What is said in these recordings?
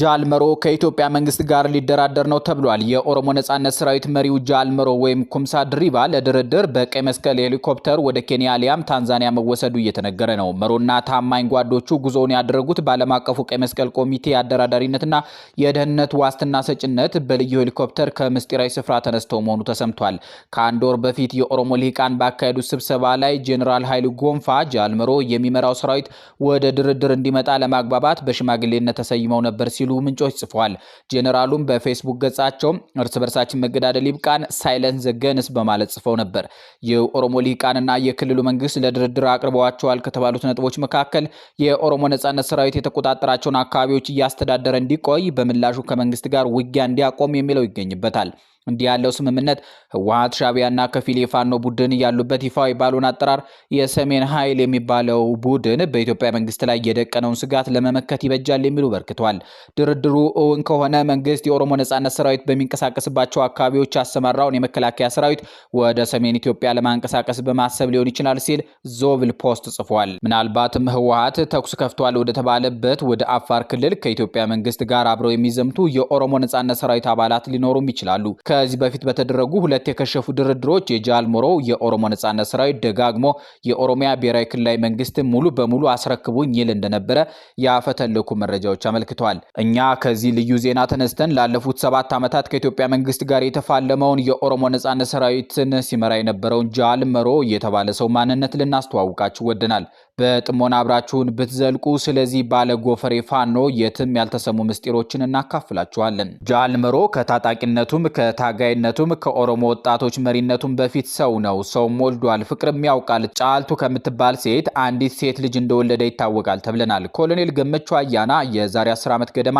ጃልመሮ ከኢትዮጵያ መንግስት ጋር ሊደራደር ነው ተብሏል። የኦሮሞ ነጻነት ሰራዊት መሪው ጃልመሮ ወይም ኩምሳ ድሪባ ለድርድር በቀይ መስቀል ሄሊኮፕተር ወደ ኬንያ ሊያም ታንዛኒያ መወሰዱ እየተነገረ ነው። መሮና ታማኝ ጓዶቹ ጉዞውን ያደረጉት በዓለም አቀፉ ቀይ መስቀል ኮሚቴ አደራዳሪነትና የደህንነት ዋስትና ሰጭነት በልዩ ሄሊኮፕተር ከምስጢራዊ ስፍራ ተነስተው መሆኑ ተሰምቷል። ከአንድ ወር በፊት የኦሮሞ ልሂቃን ባካሄዱት ስብሰባ ላይ ጄኔራል ኃይሉ ጎንፋ ጃልመሮ የሚመራው ሰራዊት ወደ ድርድር እንዲመጣ ለማግባባት በሽማግሌነት ተሰይመው ነበር ሲሉ ሲሉ ምንጮች ጽፈዋል። ጄኔራሉም በፌስቡክ ገጻቸው እርስ በርሳችን መገዳደል ይብቃን ሳይለንስ ዘገንስ በማለት ጽፈው ነበር። የኦሮሞ ሊቃንና የክልሉ መንግስት ለድርድር አቅርበዋቸዋል ከተባሉት ነጥቦች መካከል የኦሮሞ ነጻነት ሰራዊት የተቆጣጠራቸውን አካባቢዎች እያስተዳደረ እንዲቆይ፣ በምላሹ ከመንግስት ጋር ውጊያ እንዲያቆም የሚለው ይገኝበታል። እንዲህ ያለው ስምምነት ህወሀት፣ ሻቢያና ከፊል የፋኖ ቡድን ያሉበት ይፋዊ ባሉን አጠራር የሰሜን ኃይል የሚባለው ቡድን በኢትዮጵያ መንግስት ላይ የደቀነውን ስጋት ለመመከት ይበጃል የሚሉ በርክቷል። ድርድሩ እውን ከሆነ መንግስት የኦሮሞ ነጻነት ሰራዊት በሚንቀሳቀስባቸው አካባቢዎች ያሰማራውን የመከላከያ ሰራዊት ወደ ሰሜን ኢትዮጵያ ለማንቀሳቀስ በማሰብ ሊሆን ይችላል ሲል ዞብል ፖስት ጽፏል። ምናልባትም ህወሀት ተኩስ ከፍቷል ወደተባለበት ወደ አፋር ክልል ከኢትዮጵያ መንግስት ጋር አብረው የሚዘምቱ የኦሮሞ ነጻነት ሰራዊት አባላት ሊኖሩም ይችላሉ። ከዚህ በፊት በተደረጉ ሁለት የከሸፉ ድርድሮች የጃል ሞሮ የኦሮሞ ነጻነት ሰራዊት ደጋግሞ የኦሮሚያ ብሔራዊ ክልላዊ መንግስት ሙሉ በሙሉ አስረክቡኝ ይል እንደነበረ ያፈተለኩ መረጃዎች አመልክተዋል። እኛ ከዚህ ልዩ ዜና ተነስተን ላለፉት ሰባት ዓመታት ከኢትዮጵያ መንግስት ጋር የተፋለመውን የኦሮሞ ነጻነት ሰራዊትን ሲመራ የነበረውን ጃል መሮ የተባለ ሰው ማንነት ልናስተዋውቃችሁ ወደናል። በጥሞና አብራችሁን ብትዘልቁ ስለዚህ ባለ ጎፈሬ ፋኖ የትም ያልተሰሙ ምስጢሮችን እናካፍላችኋለን። ጃልመሮ ከታጣቂነቱም ከታጋይነቱም ከኦሮሞ ወጣቶች መሪነቱም በፊት ሰው ነው። ሰውም ወልዷል፣ ፍቅርም ያውቃል። ጫልቱ ከምትባል ሴት አንዲት ሴት ልጅ እንደወለደ ይታወቃል ተብለናል። ኮሎኔል ገመቹ አያና የዛሬ 10 ዓመት ገደማ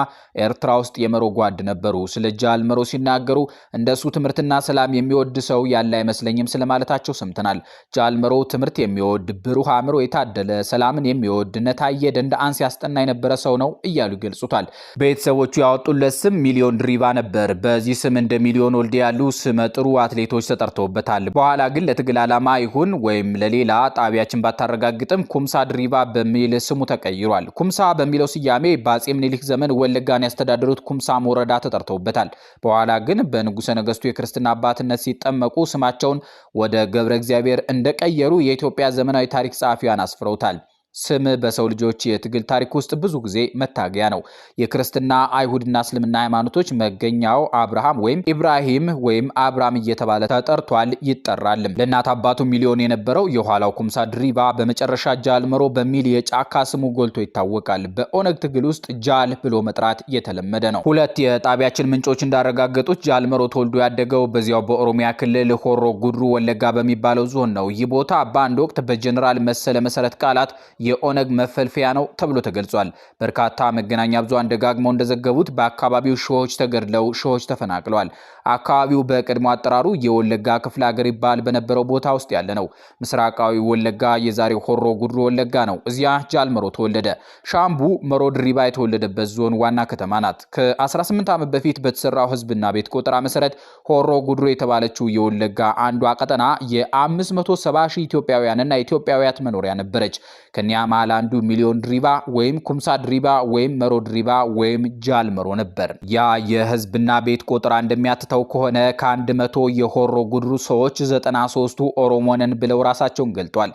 ኤርትራ ውስጥ የመሮ ጓድ ነበሩ። ስለ ጃልመሮ ሲናገሩ እንደሱ ትምህርትና ሰላም የሚወድ ሰው ያለ አይመስለኝም ስለማለታቸው ሰምተናል። ጃልመሮ ትምህርት የሚወድ ብሩህ አእምሮ የታደለ ሰላምን የሚወድ ነታየ ደንደአን ሲያስጠና የነበረ ሰው ነው እያሉ ይገልጹታል። ቤተሰቦቹ ያወጡለት ስም ሚሊዮን ድሪባ ነበር። በዚህ ስም እንደ ሚሊዮን ወልዴ ያሉ ስመ ጥሩ አትሌቶች ተጠርተውበታል። በኋላ ግን ለትግል ዓላማ ይሁን ወይም ለሌላ ጣቢያችን ባታረጋግጥም ኩምሳ ድሪባ በሚል ስሙ ተቀይሯል። ኩምሳ በሚለው ስያሜ በአጼ ምኒልክ ዘመን ወለጋን ያስተዳደሩት ኩምሳም ወረዳ ተጠርተውበታል። በኋላ ግን በንጉሰ ነገስቱ የክርስትና አባትነት ሲጠመቁ ስማቸውን ወደ ገብረ እግዚአብሔር እንደቀየሩ የኢትዮጵያ ዘመናዊ ታሪክ ጸሐፊዋን አስፍረው total. ስም በሰው ልጆች የትግል ታሪክ ውስጥ ብዙ ጊዜ መታገያ ነው። የክርስትና አይሁድና እስልምና ሃይማኖቶች መገኛው አብርሃም ወይም ኢብራሂም ወይም አብራም እየተባለ ተጠርቷል ይጠራልም። ለእናት አባቱ ሚሊዮን የነበረው የኋላው ኩምሳ ድሪባ በመጨረሻ ጃል መሮ በሚል የጫካ ስሙ ጎልቶ ይታወቃል። በኦነግ ትግል ውስጥ ጃል ብሎ መጥራት የተለመደ ነው። ሁለት የጣቢያችን ምንጮች እንዳረጋገጡት ጃል መሮ ተወልዶ ያደገው በዚያው በኦሮሚያ ክልል ሆሮ ጉድሩ ወለጋ በሚባለው ዞን ነው። ይህ ቦታ በአንድ ወቅት በጀኔራል መሰለ መሰረት ቃላት የኦነግ መፈልፈያ ነው ተብሎ ተገልጿል። በርካታ መገናኛ ብዙሃን ደጋግመው እንደዘገቡት በአካባቢው ሺዎች ተገድለው ሺዎች ተፈናቅለዋል። አካባቢው በቅድሞ አጠራሩ የወለጋ ክፍለ ሀገር ይባል በነበረው ቦታ ውስጥ ያለ ነው። ምስራቃዊ ወለጋ የዛሬው ሆሮ ጉድሮ ወለጋ ነው። እዚያ ጃልመሮ ተወለደ። ሻምቡ መሮ ድሪባ የተወለደበት ዞን ዋና ከተማ ናት። ከ18 ዓመት በፊት በተሰራው ህዝብና ቤት ቆጠራ መሰረት ሆሮ ጉድሮ የተባለችው የወለጋ አንዷ ቀጠና የ570 ሺህ ኢትዮጵያውያንና ኢትዮጵያውያት መኖሪያ ነበረች። ከኒያ መሃል አንዱ ሚሊዮን ድሪባ ወይም ኩምሳ ድሪባ ወይም መሮ ድሪባ ወይም ጃልመሮ ነበር። ያ የህዝብና ቤት ቆጠራ እንደሚያትተው አይተው ከሆነ ከአንድ መቶ የሆሮ ጉድሩ ሰዎች ዘጠና ሶስቱ ኦሮሞንን ብለው ራሳቸውን ገልጧል።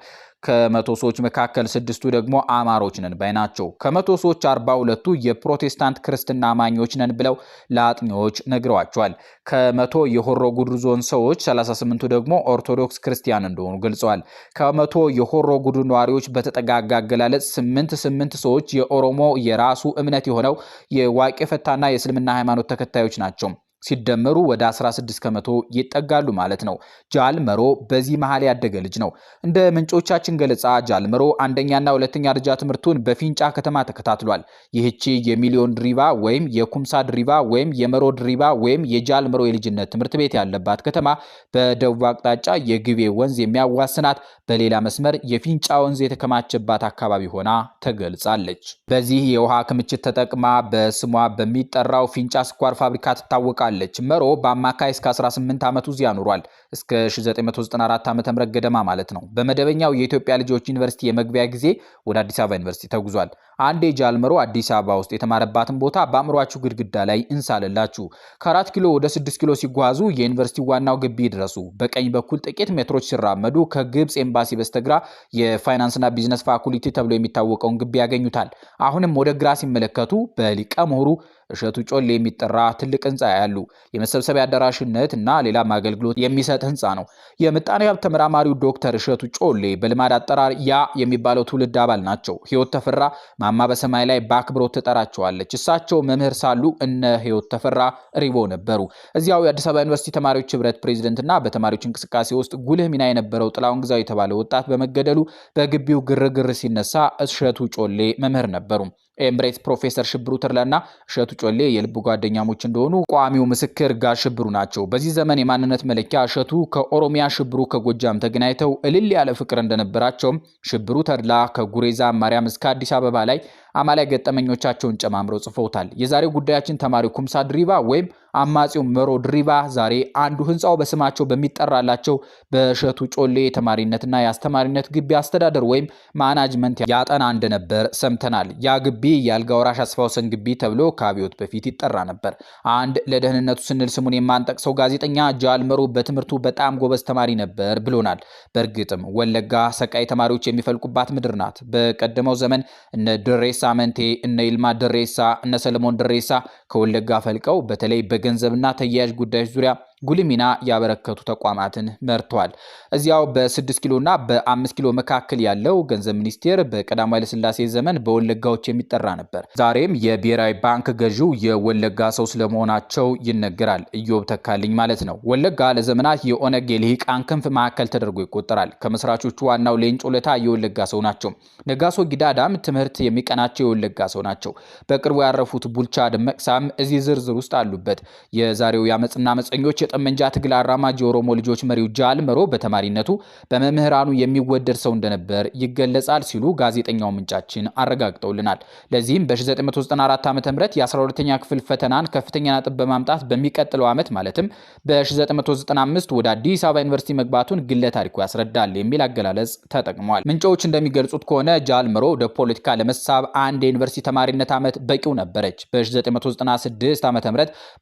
ከመቶ ሰዎች መካከል ስድስቱ ደግሞ አማሮች ነን ባይ ናቸው። ከመቶ ሰዎች አርባ ሁለቱ የፕሮቴስታንት ክርስትና አማኞች ነን ብለው ለአጥኚዎች ነግረዋቸዋል። ከመቶ የሆሮ ጉድሩ ዞን ሰዎች 38ቱ ደግሞ ኦርቶዶክስ ክርስቲያን እንደሆኑ ገልጸዋል። ከመቶ የሆሮ ጉድሩ ነዋሪዎች በተጠጋጋ አገላለጽ ስምንት ስምንት ሰዎች የኦሮሞ የራሱ እምነት የሆነው የዋቄ ፈታና የእስልምና ሃይማኖት ተከታዮች ናቸው። ሲደመሩ ወደ 16 ከመቶ ይጠጋሉ ማለት ነው። ጃልመሮ በዚህ መሀል ያደገ ልጅ ነው። እንደ ምንጮቻችን ገለጻ ጃልመሮ አንደኛና ሁለተኛ ደረጃ ትምህርቱን በፊንጫ ከተማ ተከታትሏል። ይህቺ የሚሊዮን ድሪባ ወይም የኩምሳ ድሪባ ወይም የመሮ ድሪባ ወይም የጃልመሮ የልጅነት ትምህርት ቤት ያለባት ከተማ በደቡብ አቅጣጫ የግቤ ወንዝ የሚያዋስናት፣ በሌላ መስመር የፊንጫ ወንዝ የተከማቸባት አካባቢ ሆና ተገልጻለች። በዚህ የውሃ ክምችት ተጠቅማ በስሟ በሚጠራው ፊንጫ ስኳር ፋብሪካ ትታወቃል። ሆናለች። መሮ በአማካይ እስከ 18 ዓመቱ እዚያ ኑሯል። እስከ 1994 ዓ ም ገደማ ማለት ነው። በመደበኛው የኢትዮጵያ ልጆች ዩኒቨርሲቲ የመግቢያ ጊዜ ወደ አዲስ አበባ ዩኒቨርሲቲ ተጉዟል። አንዴ ጃልመሮ አዲስ አበባ ውስጥ የተማረባትን ቦታ በአእምሯችሁ ግድግዳ ላይ እንሳልላችሁ። ከአራት ኪሎ ወደ ስድስት ኪሎ ሲጓዙ የዩኒቨርሲቲ ዋናው ግቢ ድረሱ በቀኝ በኩል ጥቂት ሜትሮች ሲራመዱ ከግብፅ ኤምባሲ በስተግራ የፋይናንስና ቢዝነስ ፋኩሊቲ ተብሎ የሚታወቀውን ግቢ ያገኙታል። አሁንም ወደ ግራ ሲመለከቱ በሊቀ ምሁሩ እሸቱ ጮሌ የሚጠራ ትልቅ ህንፃ ያሉ የመሰብሰቢያ አዳራሽነት እና ሌላም አገልግሎት የሚሰጥ ህንፃ ነው። የምጣኔ ሀብት ተመራማሪው ዶክተር እሸቱ ጮሌ በልማድ አጠራር ያ የሚባለው ትውልድ አባል ናቸው። ህይወት ተፈራ ማማ በሰማይ ላይ በአክብሮት ትጠራቸዋለች። እሳቸው መምህር ሳሉ እነ ህይወት ተፈራ ሪቦ ነበሩ። እዚያው የአዲስ አበባ ዩኒቨርሲቲ ተማሪዎች ህብረት ፕሬዚደንትና በተማሪዎች እንቅስቃሴ ውስጥ ጉልህ ሚና የነበረው ጥላሁን ግዛው የተባለ ወጣት በመገደሉ በግቢው ግርግር ሲነሳ እሸቱ ጮሌ መምህር ነበሩ። ኤምሬት ፕሮፌሰር ሽብሩ ትርለና እሸቱ ጮሌ የልብ ጓደኛሞች እንደሆኑ ቋሚው ምስክር ጋር ሽብሩ ናቸው። በዚህ ዘመን የማንነት መለኪያ እሸቱ ከኦሮሚያ ሽብሩ ከጎጃም ተገናኝተው እልል ያለ ፍቅር እንደነበራቸውም ሽብሩ ተድላ ከጉሬዛ ማርያም እስከ አዲስ አበባ ላይ አማላይ ገጠመኞቻቸውን ጨማምረው ጽፈውታል። የዛሬው ጉዳያችን ተማሪው ኩምሳ ድሪባ ወይም አማጺው መሮ ድሪባ ዛሬ አንዱ ህንፃው በስማቸው በሚጠራላቸው በእሸቱ ጮሌ የተማሪነትና የአስተማሪነት ግቢ አስተዳደር ወይም ማናጅመንት ያጠና እንደነበር ሰምተናል። ያ ግቢ የአልጋ ወራሽ አስፋ ወሰን ግቢ ተብሎ ከአብዮት በፊት ይጠራ ነበር። አንድ ለደህንነቱ ስንል ስሙን የማንጠቅሰው ጋዜጠኛ ጃል መሮ በትምህርቱ በጣም ጎበዝ ተማሪ ነበር ብሎናል። በእርግጥም ወለጋ ሰቃይ ተማሪዎች የሚፈልቁባት ምድር ናት። በቀደመው ዘመን እነ ድሬ አመንቴ፣ እነ ይልማ ደሬሳ፣ እነ ሰለሞን ደሬሳ ከወለጋ ፈልቀው በተለይ በገንዘብና ተያያዥ ጉዳዮች ዙሪያ ጉልህ ሚና ያበረከቱ ተቋማትን መርተዋል። እዚያው በ6 ኪሎና በ5 ኪሎ መካከል ያለው ገንዘብ ሚኒስቴር በቀዳማዊ ኃይለስላሴ ዘመን በወለጋዎች የሚጠራ ነበር። ዛሬም የብሔራዊ ባንክ ገዢው የወለጋ ሰው ስለመሆናቸው ይነገራል። እዮብ ተካልኝ ማለት ነው። ወለጋ ለዘመናት የኦነግ የልሂቃን ክንፍ ማዕከል ተደርጎ ይቆጠራል። ከመስራቾቹ ዋናው ሌንጮ ለታ የወለጋ ሰው ናቸው። ነጋሶ ጊዳዳም ትምህርት የሚቀናቸው የወለጋ ሰው ናቸው። በቅርቡ ያረፉት ቡልቻ ደመቅሳም እዚህ ዝርዝር ውስጥ አሉበት። የዛሬው የአመፅና አመፀኞች የጠመንጃ ትግል አራማጅ የኦሮሞ ልጆች መሪው ጃል መሮ በተማሪነቱ በመምህራኑ የሚወደድ ሰው እንደነበር ይገለጻል ሲሉ ጋዜጠኛው ምንጫችን አረጋግጠውልናል። ለዚህም በ1994 ዓ ም የ12ኛ ክፍል ፈተናን ከፍተኛ ነጥብ በማምጣት በሚቀጥለው ዓመት ማለትም በ1995 ወደ አዲስ አበባ ዩኒቨርሲቲ መግባቱን ግለ ታሪኩ ያስረዳል የሚል አገላለጽ ተጠቅሟል። ምንጮች እንደሚገልጹት ከሆነ ጃል መሮ ወደ ፖለቲካ ለመሳብ አንድ የዩኒቨርሲቲ ተማሪነት ዓመት በቂው ነበረች። በ1996 ዓ ም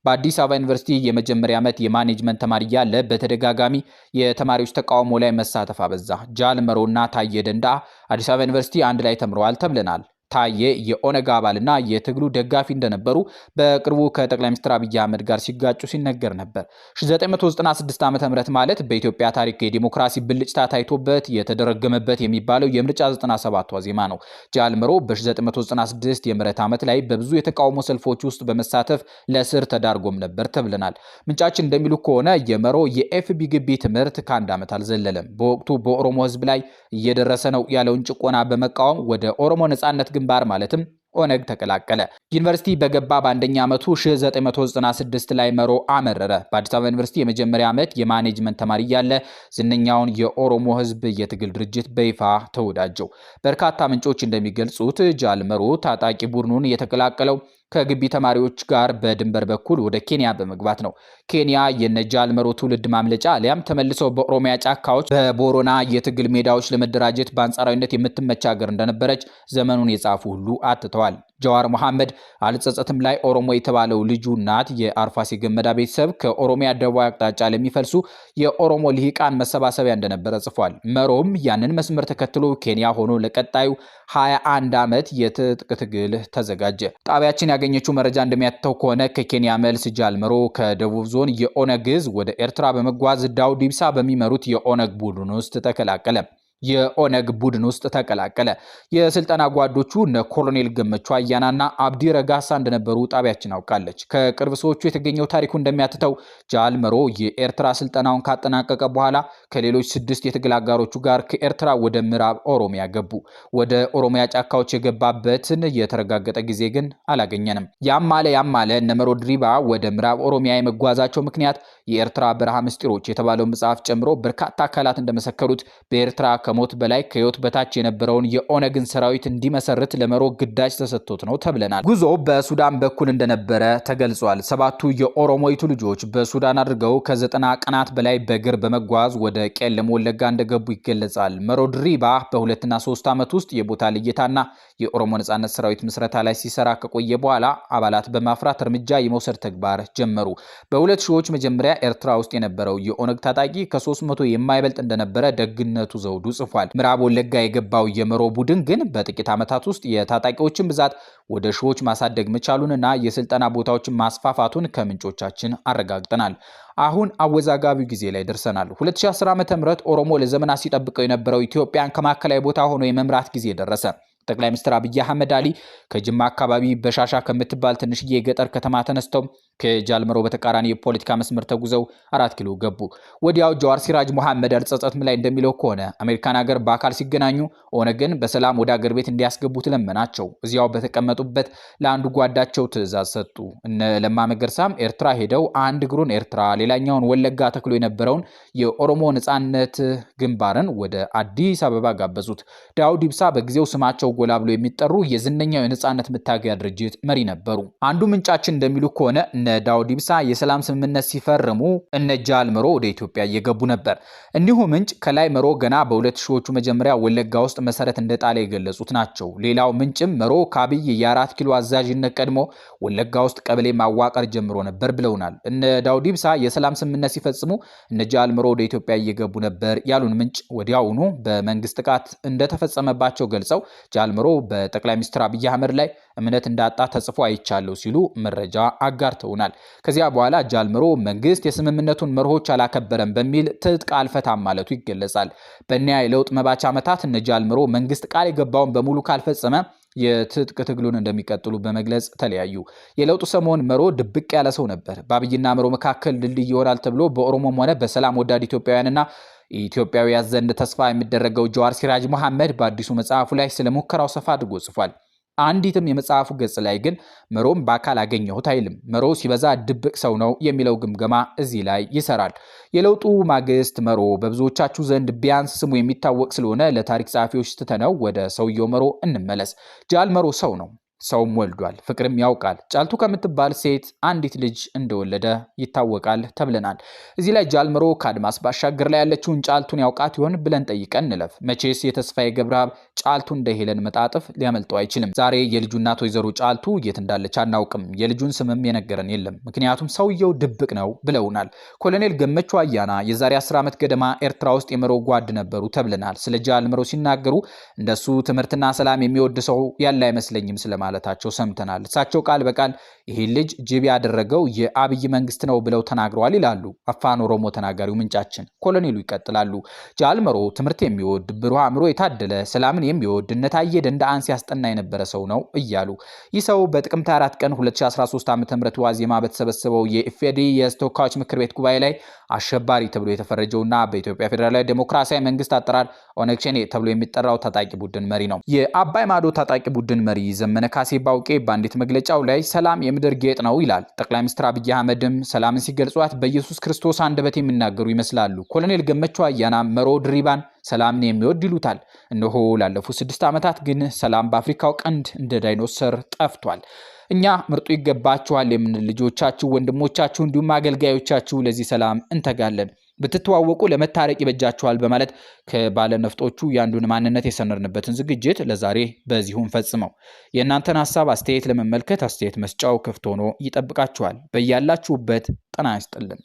በአዲስ አበባ ዩኒቨርሲቲ የመጀመሪያ ዓመት የማ ማኔጅመንት ተማሪ እያለ በተደጋጋሚ የተማሪዎች ተቃውሞ ላይ መሳተፍ አበዛ። ጃል መሮና ታየ ደንዳ አዲስ አበባ ዩኒቨርሲቲ አንድ ላይ ተምረዋል ተብለናል። ታዬ የኦነግ አባልና የትግሉ ደጋፊ እንደነበሩ በቅርቡ ከጠቅላይ ሚኒስትር አብይ አህመድ ጋር ሲጋጩ ሲነገር ነበር። 1996 ዓ ም ማለት በኢትዮጵያ ታሪክ የዲሞክራሲ ብልጭታ ታይቶበት የተደረገመበት የሚባለው የምርጫ 97 ዋዜማ ነው። ጃልምሮ በ1996 የምረት ዓመት ላይ በብዙ የተቃውሞ ሰልፎች ውስጥ በመሳተፍ ለእስር ተዳርጎም ነበር ተብለናል። ምንጫችን እንደሚሉ ከሆነ የመሮ የኤፍቢ ግቢ ትምህርት ከአንድ ዓመት አልዘለለም። በወቅቱ በኦሮሞ ህዝብ ላይ እየደረሰ ነው ያለውን ጭቆና በመቃወም ወደ ኦሮሞ ነጻነት ግንባር ማለትም ኦነግ ተቀላቀለ። ዩኒቨርሲቲ በገባ በአንደኛ ዓመቱ 1996 ላይ መሮ አመረረ። በአዲስ አበባ ዩኒቨርሲቲ የመጀመሪያ ዓመት የማኔጅመንት ተማሪ ያለ ዝነኛውን የኦሮሞ ሕዝብ የትግል ድርጅት በይፋ ተወዳጀው። በርካታ ምንጮች እንደሚገልጹት ጃል መሮ ታጣቂ ቡድኑን የተቀላቀለው ከግቢ ተማሪዎች ጋር በድንበር በኩል ወደ ኬንያ በመግባት ነው። ኬንያ የነጃል መሮ ትውልድ ማምለጫ አሊያም ተመልሰው በኦሮሚያ ጫካዎች በቦሮና የትግል ሜዳዎች ለመደራጀት በአንጻራዊነት የምትመች ሀገር እንደነበረች ዘመኑን የጻፉ ሁሉ አትተዋል። ጀዋር መሐመድ አልጸጸትም ላይ ኦሮሞ የተባለው ልጁ እናት የአርፋሲ ገመዳ ቤተሰብ ከኦሮሚያ ደቡባዊ አቅጣጫ ለሚፈልሱ የኦሮሞ ልሂቃን መሰባሰቢያ እንደነበረ ጽፏል። መሮም ያንን መስመር ተከትሎ ኬንያ ሆኖ ለቀጣዩ 21 ዓመት የትጥቅ ትግል ተዘጋጀ። ጣቢያችን ያገኘችው መረጃ እንደሚያትተው ከሆነ ከኬንያ መልስ ጃል መሮ ከደቡብ ዞን የኦነግ ወደ ኤርትራ በመጓዝ ዳውድ ኢብሳ በሚመሩት የኦነግ ቡድን ውስጥ ተቀላቀለ። የኦነግ ቡድን ውስጥ ተቀላቀለ። የስልጠና ጓዶቹ እነ ኮሎኔል ገመቹ አያናና አብዲ ረጋሳ እንደነበሩ ጣቢያችን አውቃለች። ከቅርብ ሰዎቹ የተገኘው ታሪኩ እንደሚያትተው ጃል መሮ የኤርትራ ስልጠናውን ካጠናቀቀ በኋላ ከሌሎች ስድስት የትግል አጋሮቹ ጋር ከኤርትራ ወደ ምዕራብ ኦሮሚያ ገቡ። ወደ ኦሮሚያ ጫካዎች የገባበትን የተረጋገጠ ጊዜ ግን አላገኘንም። ያም አለ ያም አለ እነ መሮ ድሪባ ወደ ምዕራብ ኦሮሚያ የመጓዛቸው ምክንያት የኤርትራ በረሃ ምስጢሮች የተባለው መጽሐፍ ጨምሮ በርካታ አካላት እንደመሰከሩት በኤርትራ ከሞት በላይ ከህይወት በታች የነበረውን የኦነግን ሰራዊት እንዲመሰርት ለመሮ ግዳጅ ተሰጥቶት ነው ተብለናል። ጉዞ በሱዳን በኩል እንደነበረ ተገልጿል። ሰባቱ የኦሮሞይቱ ልጆች በሱዳን አድርገው ከዘጠና ቀናት በላይ በእግር በመጓዝ ወደ ቄለም ወለጋ እንደገቡ ይገለጻል። መሮ ድሪባ በሁለትና ሶስት ዓመት ውስጥ የቦታ ልየታና የኦሮሞ ነጻነት ሰራዊት ምስረታ ላይ ሲሰራ ከቆየ በኋላ አባላት በማፍራት እርምጃ የመውሰድ ተግባር ጀመሩ። በሁለት ሺዎች መጀመሪያ ኤርትራ ውስጥ የነበረው የኦነግ ታጣቂ ከሶስት መቶ የማይበልጥ እንደነበረ ደግነቱ ዘውዱ ጽፏል። ምዕራብ ወለጋ የገባው የመሮ ቡድን ግን በጥቂት ዓመታት ውስጥ የታጣቂዎችን ብዛት ወደ ሺዎች ማሳደግ መቻሉንና የስልጠና ቦታዎችን ማስፋፋቱን ከምንጮቻችን አረጋግጠናል። አሁን አወዛጋቢው ጊዜ ላይ ደርሰናል። 2010 .ም ኦሮሞ ለዘመናት ሲጠብቀው የነበረው ኢትዮጵያን ከማዕከላዊ ቦታ ሆኖ የመምራት ጊዜ ደረሰ። ጠቅላይ ሚኒስትር አብይ አህመድ አሊ ከጅማ አካባቢ በሻሻ ከምትባል ትንሽዬ የገጠር ከተማ ተነስተው ከጃልመሮ በተቃራኒ የፖለቲካ መስመር ተጉዘው አራት ኪሎ ገቡ። ወዲያው ጀዋር ሲራጅ መሐመድ አልጸጸትም ላይ እንደሚለው ከሆነ አሜሪካን ሀገር በአካል ሲገናኙ ኦነግን በሰላም ወደ አገር ቤት እንዲያስገቡ ትለመናቸው። እዚያው በተቀመጡበት ለአንዱ ጓዳቸው ትዕዛዝ ሰጡ። እነ ለማ መገርሳም ኤርትራ ሄደው አንድ እግሩን ኤርትራ ሌላኛውን ወለጋ ተክሎ የነበረውን የኦሮሞ ነጻነት ግንባርን ወደ አዲስ አበባ ጋበዙት። ዳውድ ኢብሳ በጊዜው ስማቸው ስማቸው ጎላ ብሎ የሚጠሩ የዝነኛው የነጻነት መታገያ ድርጅት መሪ ነበሩ። አንዱ ምንጫችን እንደሚሉ ከሆነ እነ ዳውድ ኢብሳ የሰላም ስምምነት ሲፈርሙ እነ ጃል መሮ ወደ ኢትዮጵያ እየገቡ ነበር። እንዲሁ ምንጭ ከላይ መሮ ገና በሁለት ሺዎቹ መጀመሪያ ወለጋ ውስጥ መሰረት እንደጣለ የገለጹት ናቸው። ሌላው ምንጭም መሮ ከአብይ የአራት ኪሎ አዛዥነት ቀድሞ ወለጋ ውስጥ ቀበሌ ማዋቀር ጀምሮ ነበር ብለውናል። እነ ዳውድ ኢብሳ የሰላም ስምምነት ሲፈጽሙ እነ ጃል መሮ ወደ ኢትዮጵያ እየገቡ ነበር ያሉን ምንጭ ወዲያውኑ በመንግስት ጥቃት እንደተፈጸመባቸው ገልጸው ጃልምሮ በጠቅላይ ሚኒስትር አብይ አህመድ ላይ እምነት እንዳጣ ተጽፎ አይቻለሁ ሲሉ መረጃ አጋርተውናል። ከዚያ በኋላ ጃልምሮ መንግስት የስምምነቱን መርሆች አላከበረም በሚል ትጥቅ አልፈታም ማለቱ ይገለጻል። በእኒያ የለውጥ መባቻ ዓመታት እነ ጃልምሮ መንግስት ቃል የገባውን በሙሉ ካልፈጸመ የትጥቅ ትግሉን እንደሚቀጥሉ በመግለጽ ተለያዩ። የለውጡ ሰሞን መሮ ድብቅ ያለ ሰው ነበር። በአብይና መሮ መካከል ድልድይ ይሆናል ተብሎ በኦሮሞም ሆነ በሰላም ወዳድ ኢትዮጵያውያንና ኢትዮጵያውያን ዘንድ ተስፋ የሚደረገው ጀዋር ሲራጅ መሐመድ በአዲሱ መጽሐፉ ላይ ስለ ሙከራው ሰፋ አድርጎ ጽፏል። አንዲትም የመጽሐፉ ገጽ ላይ ግን መሮም በአካል አገኘሁት አይልም። መሮ ሲበዛ ድብቅ ሰው ነው የሚለው ግምገማ እዚህ ላይ ይሰራል። የለውጡ ማግስት መሮ በብዙዎቻችሁ ዘንድ ቢያንስ ስሙ የሚታወቅ ስለሆነ ለታሪክ ጸሐፊዎች ትተነው ወደ ሰውየው መሮ እንመለስ። ጃል መሮ ሰው ነው። ሰውም ወልዷል፣ ፍቅርም ያውቃል። ጫልቱ ከምትባል ሴት አንዲት ልጅ እንደወለደ ይታወቃል ተብለናል። እዚህ ላይ ጃልምሮ ከአድማስ ባሻገር ላይ ያለችውን ጫልቱን ያውቃት ይሆን ብለን ጠይቀን እንለፍ። መቼስ የተስፋዬ ገብረአብ ጫልቱ እንደ ሄለን መጣጥፍ ሊያመልጠው አይችልም። ዛሬ የልጁ እናት ወይዘሮ ጫልቱ የት እንዳለች አናውቅም። የልጁን ስምም የነገረን የለም፣ ምክንያቱም ሰውየው ድብቅ ነው ብለውናል። ኮሎኔል ገመቹ አያና የዛሬ 10 ዓመት ገደማ ኤርትራ ውስጥ የመሮ ጓድ ነበሩ ተብለናል። ስለ ጃልምሮ ሲናገሩ እንደሱ ትምህርትና ሰላም የሚወድ ሰው ያለ አይመስለኝም ስለማለት ማለታቸው ሰምተናል። እሳቸው ቃል በቃል ይህን ልጅ ጅብ ያደረገው የአብይ መንግስት ነው ብለው ተናግረዋል ይላሉ አፋን ኦሮሞ ተናጋሪው ምንጫችን። ኮሎኔሉ ይቀጥላሉ። ጃልመሮ ትምህርት የሚወድ ብሩህ አእምሮ የታደለ ሰላምን የሚወድ እነታየ ታዬ ደንደአን ሲያስጠና የነበረ ሰው ነው እያሉ ይህ ሰው በጥቅምት 4 ቀን 2013 ዓ ም ዋዜማ በተሰበሰበው የኢፌዴሪ የተወካዮች ምክር ቤት ጉባኤ ላይ አሸባሪ ተብሎ የተፈረጀውና በኢትዮጵያ ፌዴራላዊ ዴሞክራሲያዊ መንግስት አጠራር ኦነግ ሸኔ ተብሎ የሚጠራው ታጣቂ ቡድን መሪ ነው። የአባይ ማዶ ታጣቂ ቡድን መሪ ዘመነ ካሴ ባውቄ በአንዲት መግለጫው ላይ ሰላም የምድር ጌጥ ነው ይላል። ጠቅላይ ሚኒስትር አብይ አህመድም ሰላምን ሲገልጿት በኢየሱስ ክርስቶስ አንደበት የሚናገሩ ይመስላሉ። ኮሎኔል ገመቹ አያና መሮ ድሪባን ሰላምን የሚወድ ይሉታል። እነሆ ላለፉት ስድስት ዓመታት ግን ሰላም በአፍሪካው ቀንድ እንደ ዳይኖሰር ጠፍቷል። እኛ ምርጡ ይገባችኋል የምንል ልጆቻችሁ፣ ወንድሞቻችሁ እንዲሁም አገልጋዮቻችሁ ለዚህ ሰላም እንተጋለን። ብትተዋወቁ ለመታረቅ ይበጃችኋል በማለት ከባለነፍጦቹ ያንዱን ማንነት የሰነርንበትን ዝግጅት ለዛሬ በዚሁም ፈጽመው የእናንተን ሀሳብ አስተያየት ለመመልከት አስተያየት መስጫው ክፍት ሆኖ ይጠብቃችኋል። በያላችሁበት ጤና ይስጥልን።